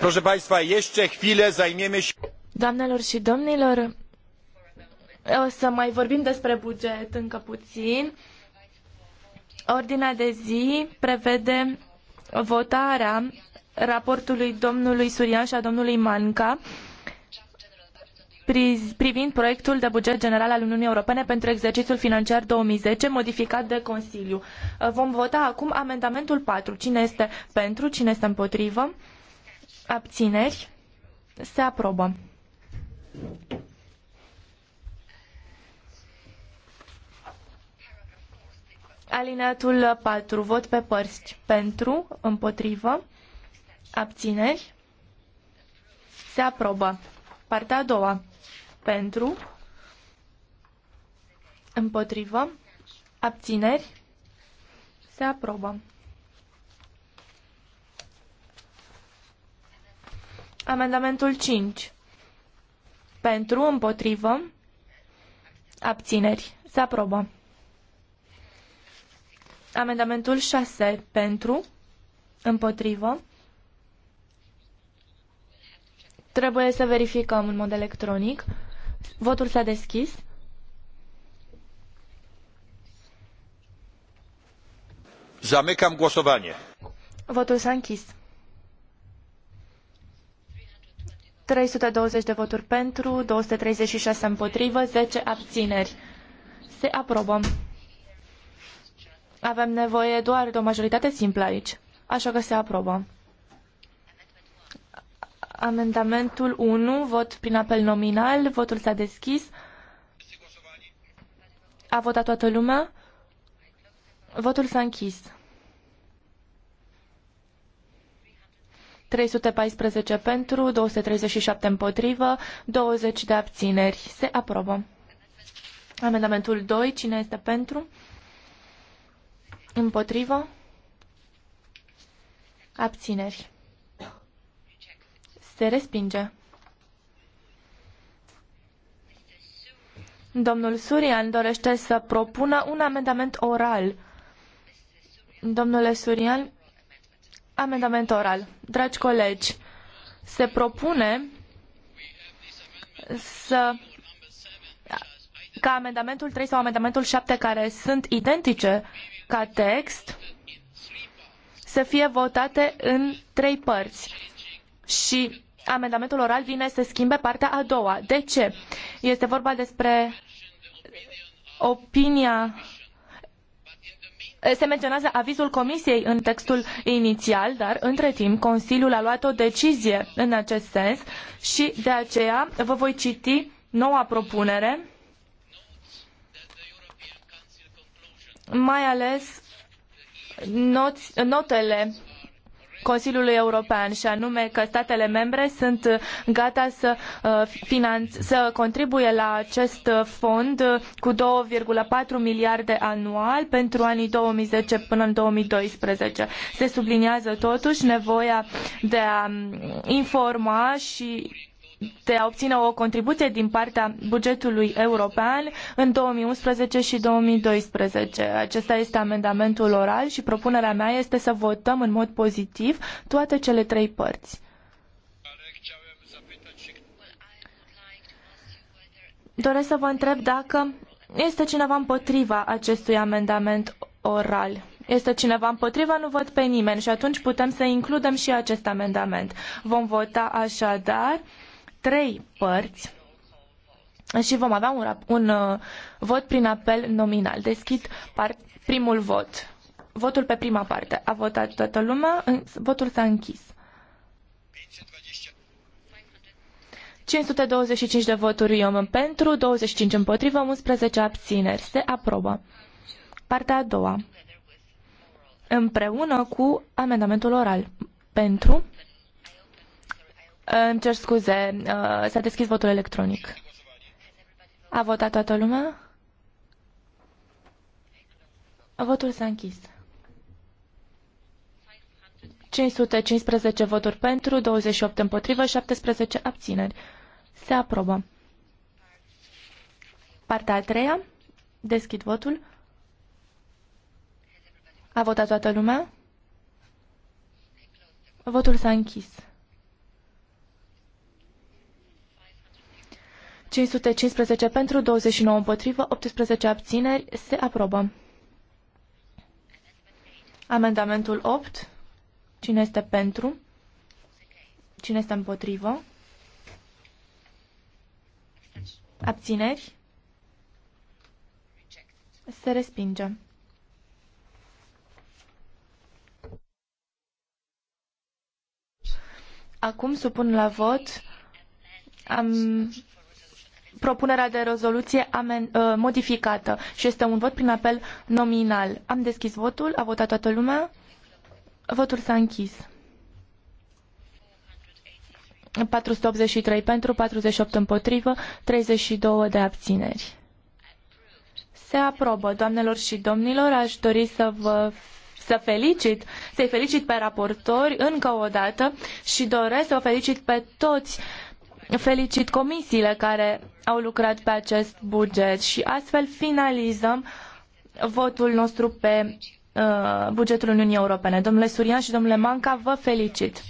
Proszę Państwa, jeszcze chwilę zajmiemy się... Doamnelor și domnilor, o să mai vorbim despre buget încă puțin. Ordinea de zi prevede votarea raportului domnului Surian și a domnului Manca privind proiectul de buget general al Uniunii Europene pentru exercițiul financiar 2010, modificat de Consiliu. Vom vota acum amendamentul patru. Cine este pentru? Cine este împotrivă? Abțineri. Se aprobă. Alineatul 4. Vot pe părți. Pentru, împotrivă, abțineri. Se aprobă. Partea a doua. Pentru, împotrivă, abțineri. Se aprobă. Amendamentul 5. Pentru, împotrivă, abțineri. Se aprobă. Amendamentul 6. Pentru, împotrivă. Trebuie să verificăm în mod electronic. Votul s-a deschis. Zamykam głosowanie. Votul s-a închis. 320 de voturi pentru, 236 împotrivă, 10 abțineri. Se aprobă. Avem nevoie doar de o majoritate simplă aici, așa că se aprobă. Amendamentul 1, vot prin apel nominal, votul s-a deschis. A votat toată lumea? Votul s-a închis. 314 pentru, 237 împotrivă, 20 de abțineri. Se aprobă. Amendamentul 2. Cine este pentru? Împotrivă? Abțineri. Se respinge. Domnul Surian dorește să propună un amendament oral. Domnule Surian, Amendament oral. Dragi colegi, se propune să ca amendamentul 3 sau amendamentul 7 care sunt identice ca text să fie votate în trei părți. Și amendamentul oral vine să schimbe partea a doua. De ce? Este vorba despre opinia Eh, se menționează avizul Comisiei în textul inițial, dar între timp Consiliul a luat o decizie în acest sens și de aceea vă voi citi noua propunere, mai ales notele Consiliului European și anume că statele membre sunt gata să, uh, finanț- să contribuie la acest fond cu 2,4 miliarde anual pentru anii 2010 până în 2012. Se subliniază totuși nevoia de a mm, informa și de a obține o contribuție din partea bugetului european în 2011 și 2012. Acesta este amendamentul oral și propunerea mea este să votăm în mod pozitiv toate cele trei părți. Doresc să vă întreb dacă este cineva împotriva acestui amendament oral. Este cineva împotriva, nu văd pe nimeni și atunci putem să includem și acest amendament. Vom vota așadar trei părți și vom avea un, un uh, vot prin apel nominal. Deschid primul vot. Votul pe prima parte. A votat toată lumea, votul s-a închis. 525 de voturi eu pentru, 25 împotrivă, 11 abțineri. Se aprobă. Partea a doua. Împreună cu amendamentul oral. Pentru, îmi cer scuze, uh, s-a deschis votul electronic. A votat toată lumea? Votul s-a închis. 515 voturi pentru, 28 împotrivă, 17 abțineri. Se aprobă. Partea a treia. Deschid votul. A votat toată lumea? Votul s-a închis. 515 pentru, 29 împotrivă, 18 abțineri. Se aprobă. Amendamentul 8. Cine este pentru? Cine este împotrivă? Abțineri? Se respinge. Acum supun la vot am propunerea de rezoluție amen, uh, modificată și este un vot prin apel nominal. Am deschis votul, a votat toată lumea. Votul s-a închis. 483 pentru, 48 împotrivă, 32 de abțineri. Se aprobă, doamnelor și domnilor, aș dori să vă să felicit, să-i felicit pe raportori încă o dată și doresc să o felicit pe toți felicit comisiile care au lucrat pe acest buget și astfel finalizăm votul nostru pe uh, bugetul Uniunii Europene. Domnule Surian și domnule Manca, vă felicit.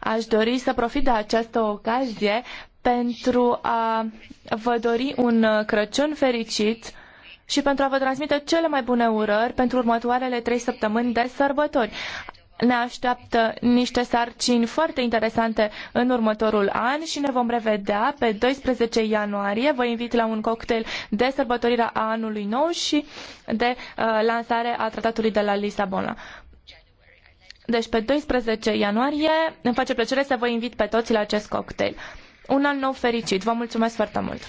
Aș dori să profit de această ocazie pentru a vă dori un uh, Crăciun fericit și pentru a vă transmite cele mai bune urări pentru următoarele trei săptămâni de sărbători ne așteaptă niște sarcini foarte interesante în următorul an și ne vom revedea pe 12 ianuarie. Vă invit la un cocktail de sărbătorirea a anului nou și de uh, lansare a tratatului de la Lisabona. Deci pe 12 ianuarie îmi face plăcere să vă invit pe toți la acest cocktail. Un an nou fericit. Vă mulțumesc foarte mult!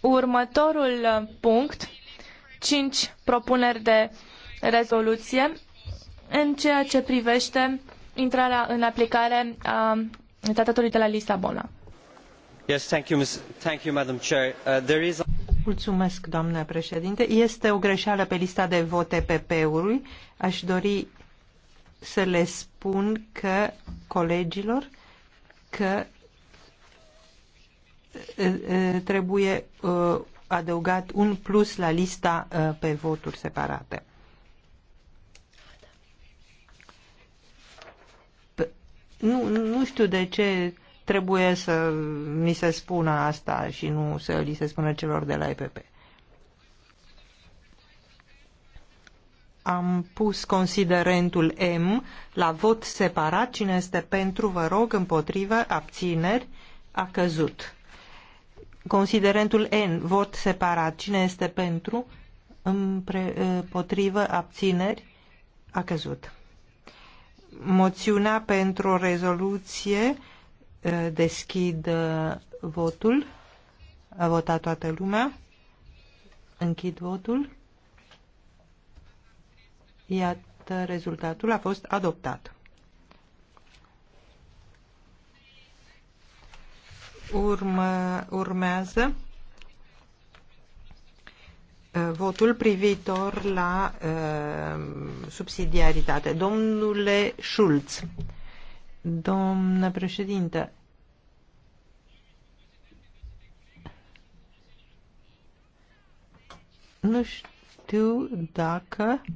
Următorul punct, cinci propuneri de rezoluție în ceea ce privește intrarea în aplicare a Tratatului de la Lisabona. Uh, Mulțumesc, doamnă președinte. Este o greșeală pe lista de vote PP-ului. Aș dori să le spun că colegilor că trebuie adăugat un plus la lista pe voturi separate. Nu, nu știu de ce trebuie să mi se spună asta și nu să li se spună celor de la EPP. Am pus considerentul M la vot separat. Cine este pentru, vă rog, împotrivă, abțineri, a căzut. Considerentul N, vot separat. Cine este pentru? Împotrivă, ă, abțineri, a căzut. Moțiunea pentru o rezoluție ă, deschid ă, votul. A votat toată lumea. Închid votul. Iată, rezultatul a fost adoptat. urmă, urmează uh, votul privitor la uh, subsidiaritate. Domnule Schulz, domnă președinte, nu știu dacă uh,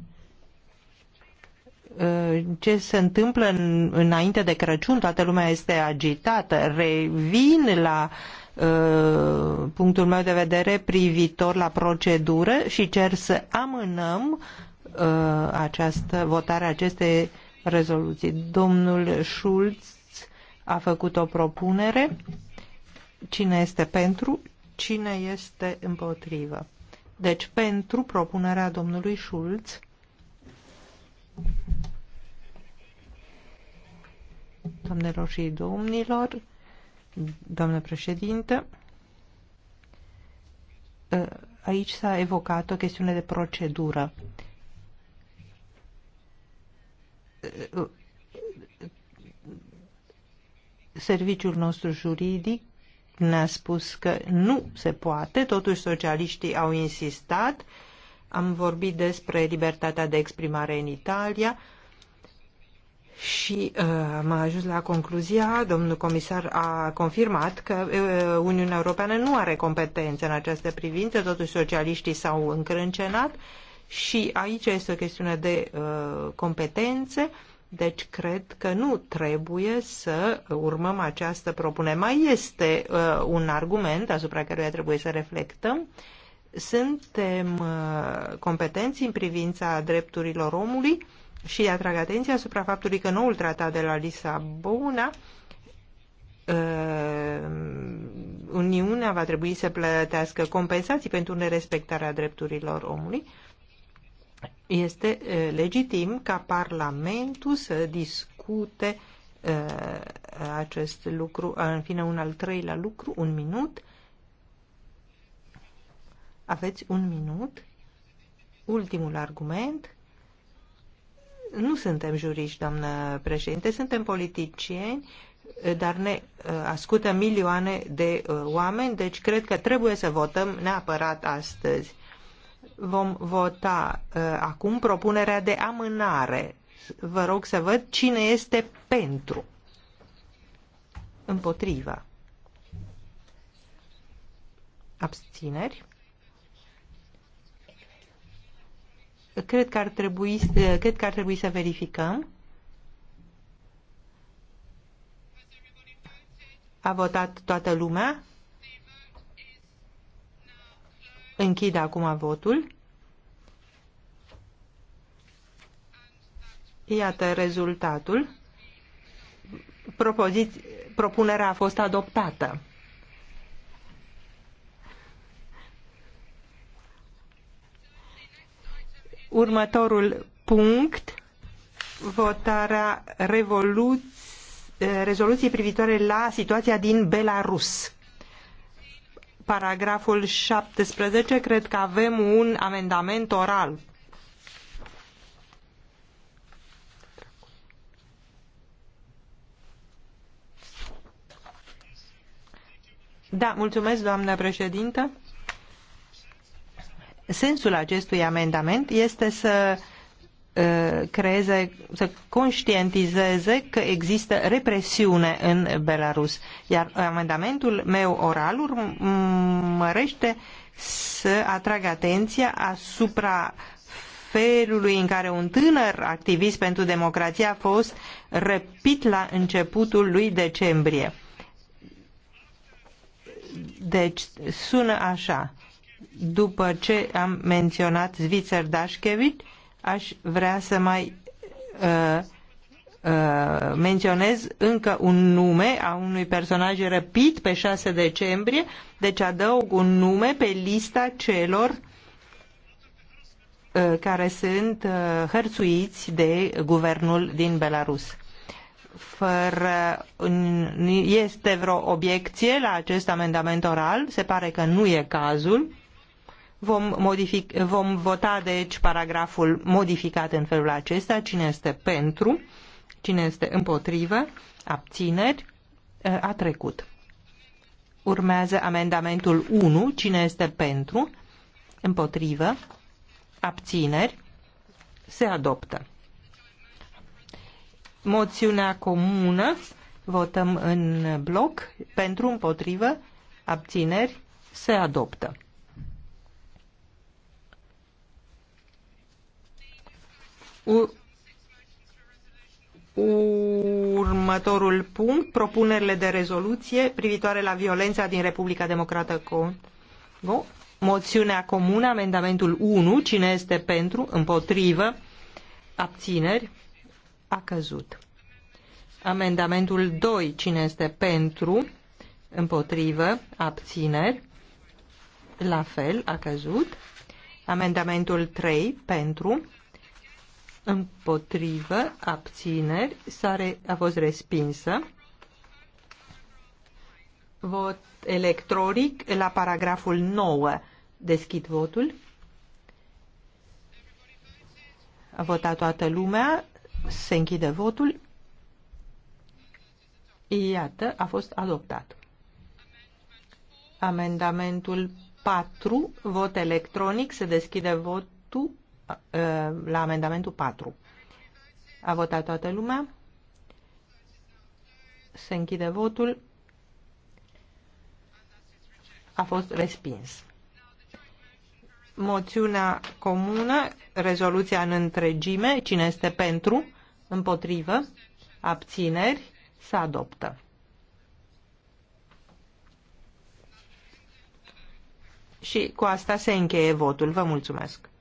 Uh, ce se întâmplă în, înainte de Crăciun, toată lumea este agitată, revin la uh, punctul meu de vedere privitor la procedură și cer să amânăm uh, această votare aceste rezoluții. Domnul Schulz a făcut o propunere. Cine este pentru? Cine este împotrivă? Deci pentru propunerea domnului Schulz Doamnelor și domnilor, doamnă președintă, ă, aici s-a evocat o chestiune de procedură. Serviciul nostru juridic ne-a spus că nu se poate, totuși socialiștii au insistat, am vorbit despre libertatea de exprimare în Italia, uh, și uh, am ajuns la concluzia, domnul comisar a confirmat că uh, Uniunea Europeană nu are competențe în această privință, totuși socialiștii s-au încrâncenat și aici este o chestiune de uh, competențe, deci cred că nu trebuie să urmăm această propunere. Mai este uh, un argument asupra căruia trebuie să reflectăm. Suntem uh, competenți în privința drepturilor omului, uh, și atrag atenția asupra faptului că noul tratat de la Lisabona ă, Uniunea va trebui să plătească compensații pentru nerespectarea drepturilor omului, este ă, legitim ca Parlamentul să discute ă, acest lucru. În fine, un al treilea lucru, un minut. Aveți un minut. Ultimul argument. Nu suntem juriști, doamnă președinte, suntem politicieni, dar ne uh, ascultă milioane de uh, oameni, deci cred că trebuie să votăm neapărat astăzi. Vom vota uh, acum propunerea de amânare. Vă rog să văd cine este pentru. Împotriva. Abțineri. cred că ar trebui, cred că ar trebui să verificăm. A votat toată lumea. Închid acum votul. Iată rezultatul. propunerea a fost adoptată. Următorul punct, votarea revolu- eh, rezoluției privitoare la situația din Belarus. Paragraful 17, cred că avem un amendament oral. Da, mulțumesc, doamnă președintă sensul acestui amendament este să uh, creeze, să conștientizeze că există represiune în Belarus. Iar amendamentul meu oral urmărește să atragă atenția asupra felului în care un tânăr activist pentru democrație a fost răpit la începutul lui decembrie. Deci sună așa după ce am menționat Zvițăr Dașchevit, aș vrea să mai uh, uh, menționez încă un nume a unui personaj răpit pe 6 decembrie, deci adaug un nume pe lista celor uh, care sunt uh, hărțuiți de guvernul din Belarus fără, este vreo obiecție la acest amendament oral? Se pare că nu e cazul. Vom, modific, vom vota deci paragraful modificat în felul acesta. Cine este pentru? Cine este împotrivă? Abțineri? A trecut. Urmează amendamentul 1. Cine este pentru? Împotrivă? Abțineri? Se adoptă. Moțiunea comună. Votăm în bloc. Pentru, împotrivă, abțineri, se adoptă. Următorul punct, propunerile de rezoluție privitoare la violența din Republica Democrată Congo. Moțiunea comună, amendamentul 1, cine este pentru, împotrivă, abțineri, a căzut. Amendamentul 2, cine este pentru, împotrivă, abțineri, la fel, a căzut. Amendamentul 3, pentru, împotrivă, abțineri, sare, a fost respinsă. Vot electronic la paragraful 9. Deschid votul. A votat toată lumea. Se închide votul. Iată, a fost adoptat. Amendamentul 4, vot electronic, se deschide votul. Uh, la amendamentul 4. A votat toată lumea. Se închide votul. A fost respins. Moțiunea comună, rezoluția în întregime, cine este pentru, împotrivă, abțineri, se adoptă. Și cu asta se încheie votul. Vă mulțumesc.